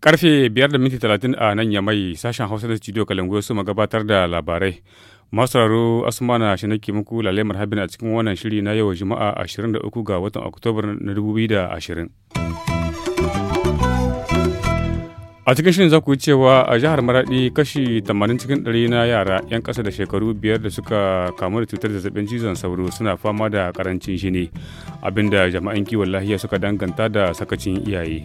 Karfe 5 da minti 30 a nan yamai sashen Hausa da studio Kalangu su magabatar da labarai. masararo asmana shi nake muku lalle marhabin a cikin wannan shiri na yau juma'a 23 ga watan oktoba na 2020 a cikin shirin za ku yi cewa a jihar maradi kashi 80 cikin 100 na yara 'yan ƙasa da shekaru biyar da suka kamu da cutar zazzabin cizon sauro suna fama da karancin shine abinda jama'an kiwon lahiya suka danganta da sakacin iyaye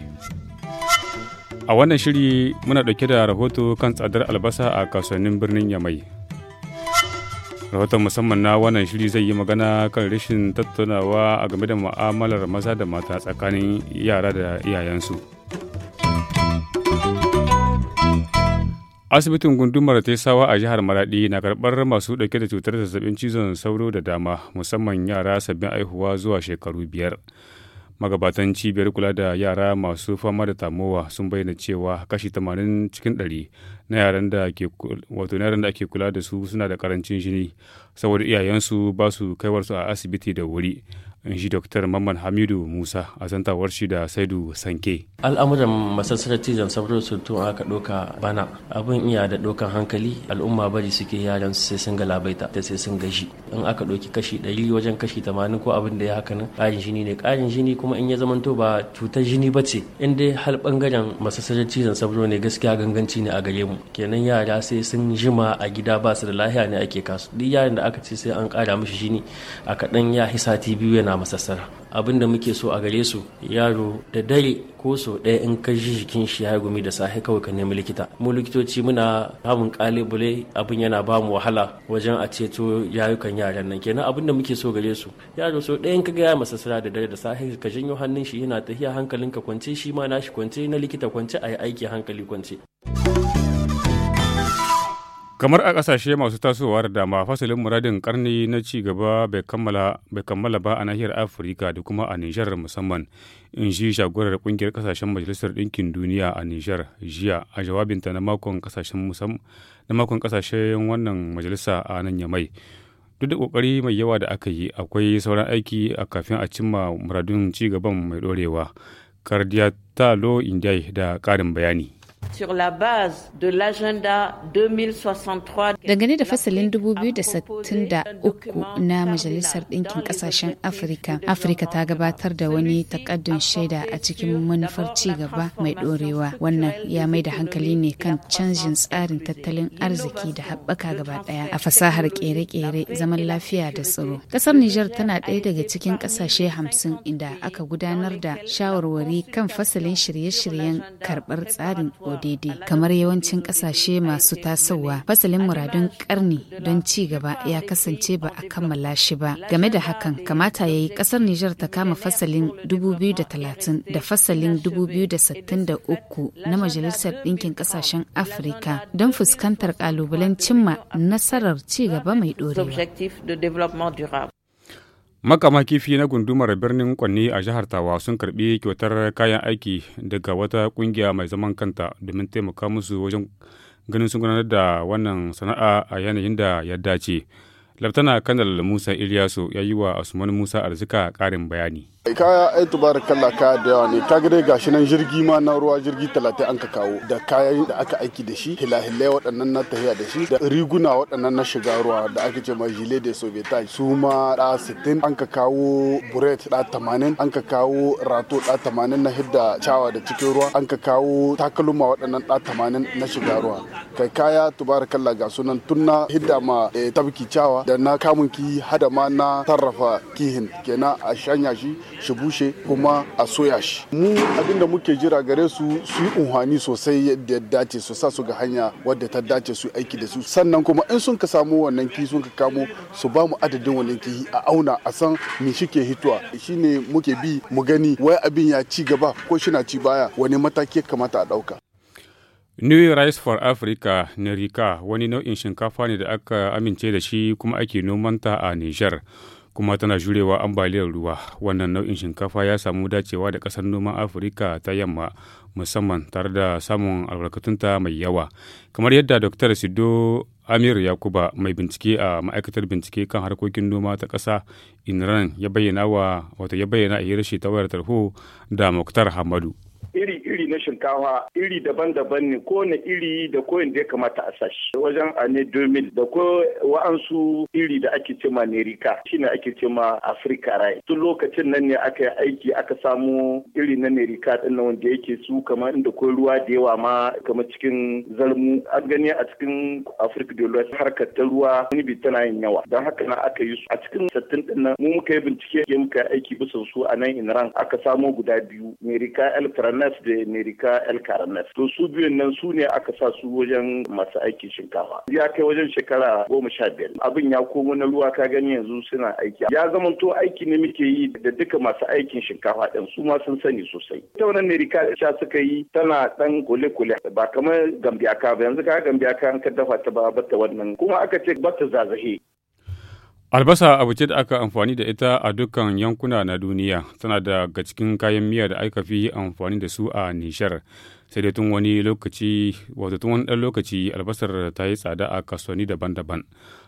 a wannan shiri muna ɗauke da rahoto kan tsadar albasa a kasuwannin birnin yamai rahoton musamman na wannan shiri zai yi magana kan rashin tattaunawa a game da mu'amalar maza da mata tsakanin yara da iyayensu. asibitin gundumar tesawa a jihar maradi na karɓar masu dauke da cutar zazzabin cizon sauro da dama musamman yara sabbin aihuwa zuwa shekaru biyar magabatan cibiyar kula da yara masu fama da tamowa sun bayyana cewa kashi 80 cikin 100 na yaran da ke wato yaran da ake kula da su suna da karancin jini saboda iyayensu ba su kaiwar a asibiti da wuri in shi Dr. Mamman Hamidu Musa a zantawar shi da Saidu Sanke. Al'amuran masassarar cizon sabrar surtu aka ɗauka bana abin iya da ɗaukan hankali al'umma bari suke yaran su sai sun galabaita labaita da sai sun gashi in aka ɗauki kashi ɗari wajen kashi tamanin ko abin da ya haka nan ƙarin jini ne ƙarin jini kuma in ya zamanto ba cutar jini ba ce in dai hal ɓangaren masassarar cizon sabro ne gaskiya ganganci ne a gare mu kenan yara sai sun jima a gida ba su da lahiya ne ake kasu duk yaran da aka ce sai an ƙara mishi jini a kaɗan ya hisati sati biyu yana a masassara abin da muke so a gare su yaro da dare ko so ɗaya in ka ji jikin shi ya gumi da sahi kawai ka nemi likita mu likitoci muna samun kalibule abin yana ba mu wahala wajen a ceto yayukan yaran nan kenan abin da muke so gare su yaro so ɗaya in ka ga ya masassara da dare da sahi ka janyo hannun shi yana tafiya hankalin ka kwance shi ma nashi kwance na likita kwance a yi aiki hankali kwance. kamar a ƙasashe masu tasowa da dama fasalin muradin karni na ci gaba bai kammala ba a nahiyar afirka da kuma a nijar musamman in ji shagorar kungiyar kasashen majalisar ɗinkin duniya a nijar jiya a jawabinta na makon kasashen wannan majalisa a nan yamai duk da ƙoƙari mai yawa da aka yi akwai sauran aiki a kafin a cimma muradun ci gaban mai ɗorewa kardiyatalo indai da ƙarin bayani sur la base de l'agenda 2063 dangane da fasalin 2063 na majalisar Dinkin ƙasashen afirka afirka ta gabatar da wani takaddun shaida a cikin manufar ci gaba mai ɗorewa wannan ya mai da hankali ne kan canjin tsarin tattalin arziki da haɓaka gaba ɗaya a fasahar ƙere-ƙere zaman lafiya da tsaro ƙasar Nijar tana ɗaya daga cikin ƙasashe hamsin inda aka gudanar da shawarwari kan fasalin shirye-shiryen karɓar tsarin daidai kamar yawancin kasashe masu tasowa fasalin muradun karni don ci gaba ya kasance ba a kammala shi ba game da hakan kamata ya yi kasar Nijar ta kama fasalin 2030 da fasalin 2063 na Majalisar Ɗinkin kasashen Afirka don fuskantar ƙalubalen cimma nasarar ci gaba mai ɗorewa. makama kifi na gundumar birnin kwanni a jihar tawa sun karbi kyautar kayan aiki daga wata kungiya mai zaman kanta domin taimaka musu wajen ganin sun gudanar da wannan sana'a a yanayin da ya dace laftana kanal musa iliyasu ya yi wa usman musa arzika karin bayani kaya ai kalla kaya da yawa ne kaga dai gashi nan jirgi ma na ruwa jirgi 30 an ka kawo da kayan da aka aiki da shi hilahilai waɗannan na tafiya da shi da riguna waɗannan na shiga ruwa da ake ce ma gilet de sovietai. su ma da 60 an ka kawo buret da 80 an ka kawo rato da 80 na hidda cawa da cikin ruwa an ka kawo takaluma waɗannan da 80 na shiga ruwa kai kaya kalla ga sunan tun na hidda ma e, tabki cawa da na kamun ki hada ma na sarrafa kihin kenan a shanya shi shi bushe kuma a soya shi mu abinda muke jira gare su su yi unhani sosai yadda ya dace su sa su ga hanya wadda ta dace su aiki da su sannan kuma in sun ka samu wannan ki sun ka kamo su ba mu adadin wannan ki a auna a san me shike hitowa shine muke bi mu gani wai abin ya ci gaba ko shi na ci baya wani mataki kamata a dauka New Rice for Africa Nerika wani nau'in shinkafa ne da aka amince da shi kuma ake nomanta a niger. kuma tana jurewa ambaliyar ruwa wannan nau'in shinkafa ya samu dacewa da ƙasar noman afirka ta yamma musamman tare da samun albarkatunta mai yawa kamar yadda dr sido amir yakuba mai bincike a ma'aikatar bincike kan harkokin noma ta kasa inran ya bayyana wa wato ya bayyana a hirashi ta wayar tarho da muktar hamadu iri-iri na shinkafa iri daban-daban ne ko na iri da koyin da ya kamata a sashi wajen a ne domin da ko wa'ansu iri da ake cema nerika shine ake cema afirka rai tun lokacin nan ne aka yi aiki aka samu iri na nerika din wanda yake su kamar inda ko ruwa da yawa ma kamar cikin zalmu an gani a cikin afirka da ruwa harkar ta ruwa wani bi tana yin yawa don haka na aka yi su a cikin sattin din nan mu muka yi bincike muka yi aiki bisa su a nan inran aka samo guda biyu nerika eltra 49 da Amerika el To su biyun nan su ne aka sa su wajen masu aikin shinkafa. Ya kai wajen shekara goma sha biyar. Abin ya komo na ruwa ka gani yanzu suna aiki. Ya zama to aiki ne muke yi da duka masu aikin shinkafa ɗin su ma sun sani sosai. Ita wannan da sha suka yi tana ɗan kule-kule ba kamar gambiyaka ba yanzu ka gambiyaka an ka dafa ta ba bata wannan kuma aka ce bata zazahe. Albasa abu ce da aka amfani da ita a dukkan yankuna na duniya, tana daga cikin kayan miya da aka fi amfani da su a Nishar. Sai dai tun wani lokaci, wato tun wani ɗan lokaci albasar ta yi tsada a kasuwanni daban-daban.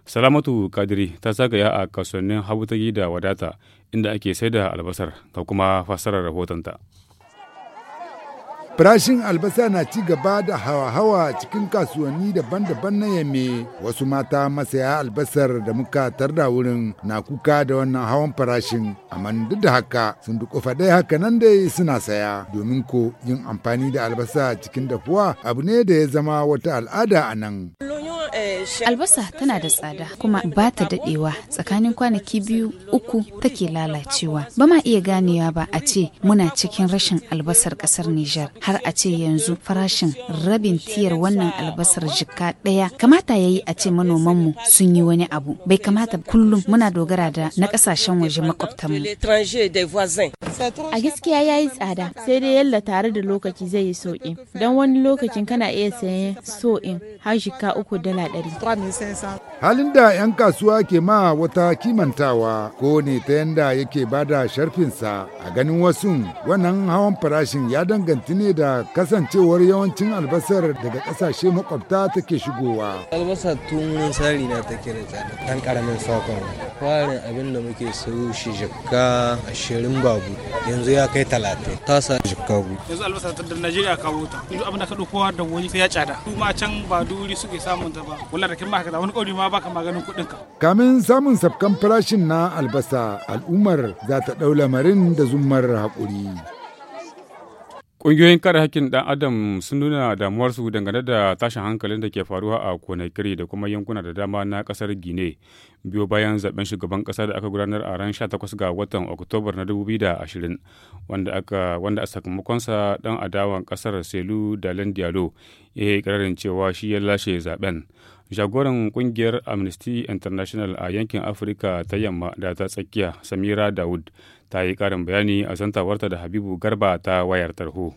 Salamatu Kadiri ta zagaya a kasuwannin habutagi da wadata inda ake saida albasar ga kuma fassarar rahotonta. Farashin albasa na ci gaba da hawa-hawa cikin kasuwanni daban-daban na yame wasu mata masaya albasar da muka tarda wurin na kuka da wannan hawan farashin amma duk da haka sun dukufa haka nan dai suna saya domin ko yin amfani da albasa cikin dafuwa abu ne da ya zama wata al'ada a nan. Albasa tana da tsada kuma ba ta dadewa tsakanin kwanaki biyu uku take lalacewa. Ba ma iya ganewa ba a ce muna cikin rashin albasar kasar Nijar har a ce yanzu farashin rabin tiyar wannan albasar jika ɗaya kamata ya yi a ce manomanmu sun yi wani abu. Bai kamata kullum muna dogara da na kasashen waje makwabtanmu. A gaskiya ya yi tsada sai dai yalla tare da lokaci zai yi sauƙi. Don wani lokacin kana iya sayan so'in har shika uku dala ɗari. Halin da 'yan kasuwa ke ma wata kimantawa ko ne ta yanda yake bada sharfinsa a ganin wasu wannan hawan farashin ya danganti ne da kasancewar yawancin albasar daga kasashe makwabta take shigowa. Albasa tun sari na ta da tsada ɗan ƙaramin sakon. Farin abin da muke siyo shi jikka ashirin babu yanzu ya kai talatin tasa jikka bu. Yanzu albasa ta da Najeriya kawo ta. Yanzu abin da ka ɗauko da wani ya tsada. Kuma can ba duri suke samun ta ba. kula da kin wani kauri ma baka maganin kudin ka kamin samun sabkan farashin na albasa al'ummar za ta ɗau lamarin da zummar hakuri Ƙungiyoyin kare hakkin ɗan adam sun nuna damuwarsu dangane da tashin hankalin da ke faruwa a Conakry da kuma yankuna da dama na ƙasar Gine biyo bayan zaben shugaban ƙasa da aka gudanar a ran 18 ga watan Oktobar na 2020 wanda a wanda a sakamakonsa ɗan adawan ƙasar Selu Dalen Diallo ya yi ƙararin cewa shi ya lashe zaben. jagoran kungiyar amnesty international a yankin afirka ta yamma da ta tsakiya samira dawud ta yi karin bayani a santawarta da habibu garba ta wayar tarho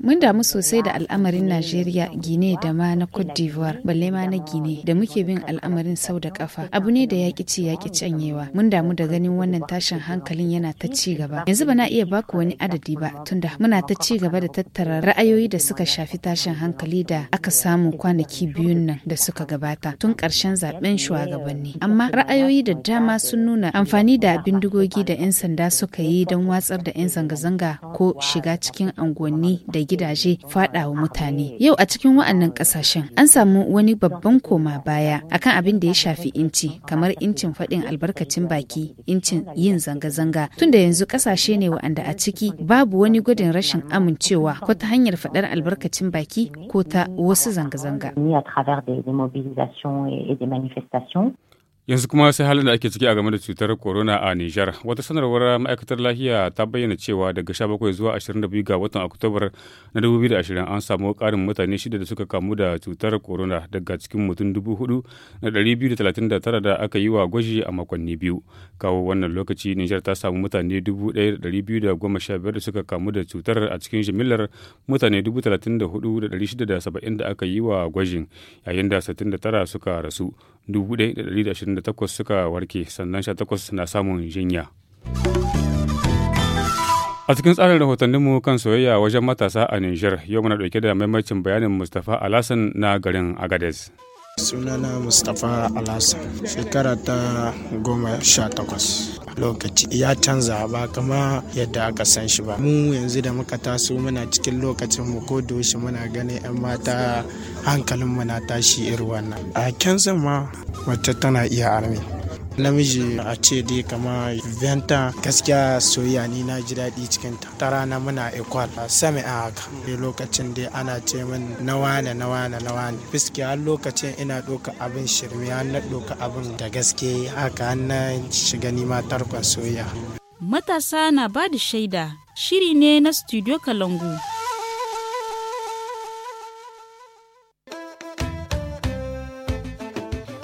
mun damu sosai da al'amarin najeriya gine da ma na cote d'ivoire balle ma na gine da muke bin al'amarin sau da kafa abu ne da yaƙi ci yaƙi canyewa mun damu da ganin wannan tashin hankalin yana ta ci gaba yanzu ba na iya baku wani adadi ba tunda muna ta ci gaba da tattara ra'ayoyi da suka shafi tashin hankali da aka samu kwanaki biyun nan da suka gabata tun karshen zaben shugabanni amma ra'ayoyi da dama sun nuna Amfani da bindigogi da 'yan sanda suka yi don watsar da 'yan zanga-zanga ko shiga cikin unguwanni da gidaje faɗawa mutane. Yau a cikin wa'annan ƙasashen an samu wani babban koma baya akan abin da ya shafi inci kamar incin faɗin albarkacin baki, incin yin zanga-zanga tunda yanzu ƙasashe ne wa'anda a ciki babu wani gwadin rashin amincewa ko ta hanyar faɗar albarkacin baki ko ta wasu zanga-zanga. Yanzu kuma sai halin da ake ciki a game da cutar corona a Nijar. Wata sanarwar ma'aikatar lafiya ta bayyana cewa daga 17 zuwa 22 ga watan Oktobar na 2020 an samu ƙarin mutane shida da suka kamu da cutar corona daga cikin mutum 4,239 da aka yi wa gwaji a makonni biyu. Kawo wannan lokaci Nijar ta samu mutane 1,215 da suka kamu da cutar a cikin jimillar mutane 34,670 da aka yi wa gwajin yayin da 69 suka rasu. 1,128 suka warke sannan 18 na samun jinya. A cikin tsarin rahotanninmu kan soyayya wajen matasa a Nijar, yau muna ɗauke da maimacin bayanin Mustapha Alasan na garin Agadez. Sunana Mustapha Alhassan, shekara ta goma sha takwas. Lokaci ya canza ba kama yadda aka san shi ba. Mu yanzu da muka taso muna cikin lokacin mu ko doshi muna ganin 'yan mata hankalin muna tashi irin wannan. A kyan ma mace tana iya armi. namiji a ce dai kama venta gaskiya soyayya ni na ji daɗi cikin ta tara rana muna ekwal sami a haka lokacin dai ana ce min na wane na wane na wane fiske har lokacin ina ɗauka abin shirme har na ɗauka abin da gaske haka har na shiga nima tarkon soyayya matasa na ba da shaida shiri ne na studio kalangu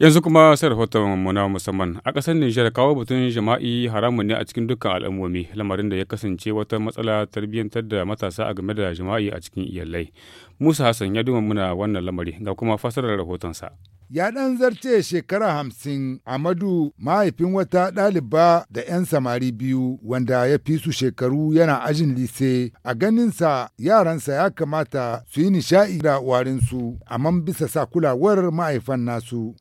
Yanzu kuma sai rahoton mu na musamman a ƙasar Nijar kawo batun jima'i haramun ne a cikin dukkan al'ummomi lamarin da ya kasance wata matsala tarbiyyantar da matasa a game da jima'i a cikin iyalai. Musa Hassan ya duma muna wannan lamari ga kuma fasarar rahotonsa. ya ɗan zarce shekara hamsin Amadu mahaifin wata ɗaliba da 'yan samari biyu wanda ya fi su shekaru yana ajin lise a ganinsa yaransa ya kamata su yi nishaɗi da warinsu amma bisa sa kulawar mahaifan nasu.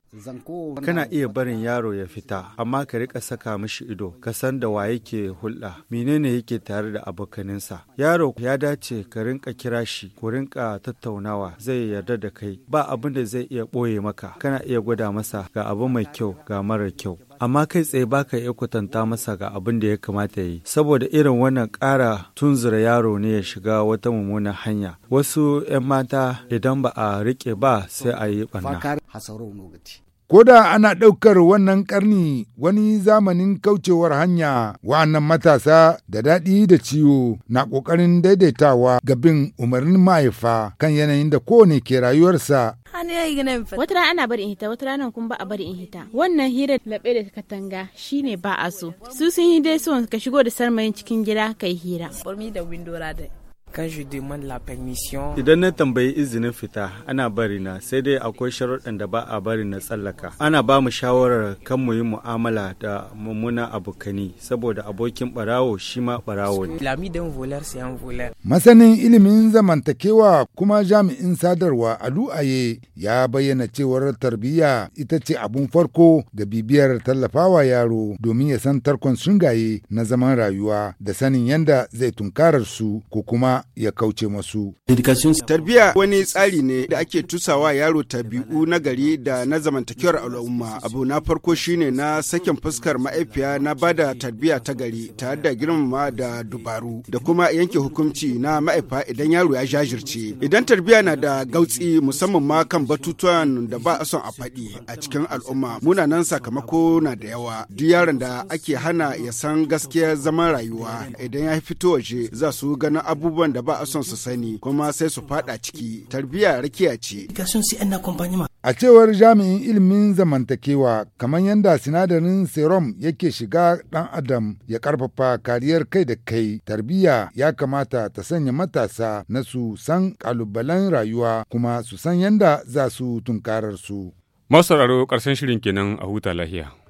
Kana iya barin yaro ya fita, amma ka rika saka mashi ido, ka san da wa yake hulɗa, menene yake tare da abokaninsa. Yaro ya dace ka rinka kira shi, ku rinka tattaunawa zai yarda da kai ba abin da zai iya ɓoye maka kana iya gwada masa ga abu mai kyau ga mara kyau amma kai tsaye baka iya kwatanta masa ga abin da ya kamata yi saboda irin wannan ƙara tunzura yaro ne ya shiga wata mummunan hanya wasu 'yan mata idan ba a riƙe ba sai a yi ɓanna Ko da ana ɗaukar wannan ƙarni wani zamanin kaucewar hanya wa'annan matasa da daɗi da ciwo na ƙoƙarin daidaitawa ga bin umarnin mahaifa kan yanayin da kowane ke rayuwarsa. Wata rana ana bari in hita, wata rana kuma ba a bari in hita. Wannan hira laɓe da katanga shine ba a so. Su sun yi dai son ka shigo da sarmayin cikin gida kai hira. quand je demande la permission idan na tambayi izinin fita ana bari na sai dai akwai sharuɗan da ba a bari na tsallaka ana ba mu shawarar kan mu yi mu'amala da mummuna abokani saboda abokin barawo shi ma barawo ne lami dan volar sai volar masanin ilimin zamantakewa kuma jami'in sadarwa alu'aye ya bayyana cewar tarbiyya ita ce abun farko da bibiyar tallafawa yaro domin ya san tarkon sungaye na zaman rayuwa da sanin yadda zai tunkarar su ko kuma ya kauce masu. Tarbiyya wani tsari ne da ake tusawa yaro tabi'u na gari da na zamantakewar al'umma. Abu na farko shine na sakin fuskar ma'aifiya na bada tarbiyya ta gari tare da girmama da dubaru da kuma yanke hukunci na ma'aifa idan yaro ya jajirce. Idan tarbiyya na da gautsi musamman ma kan batutuwan da ba a son a faɗi a cikin al'umma munanan sakamako na da yawa. Duk yaron da ake hana ya san gaskiya zaman rayuwa idan ya fito waje za su ganin abubuwan da ba a son su sani kuma sai su fada ciki tarbiyya rakiya ce a cewar jami'in ilimin zamantakewa kamar yadda sinadarin serum yake shiga ɗan adam ya ƙarfafa kariyar kai da kai tarbiyya ya kamata ta sanya matasa na su san ƙalubalen rayuwa kuma su san yadda za su tunkarar su masu sauraro karshen shirin kenan a huta lahiya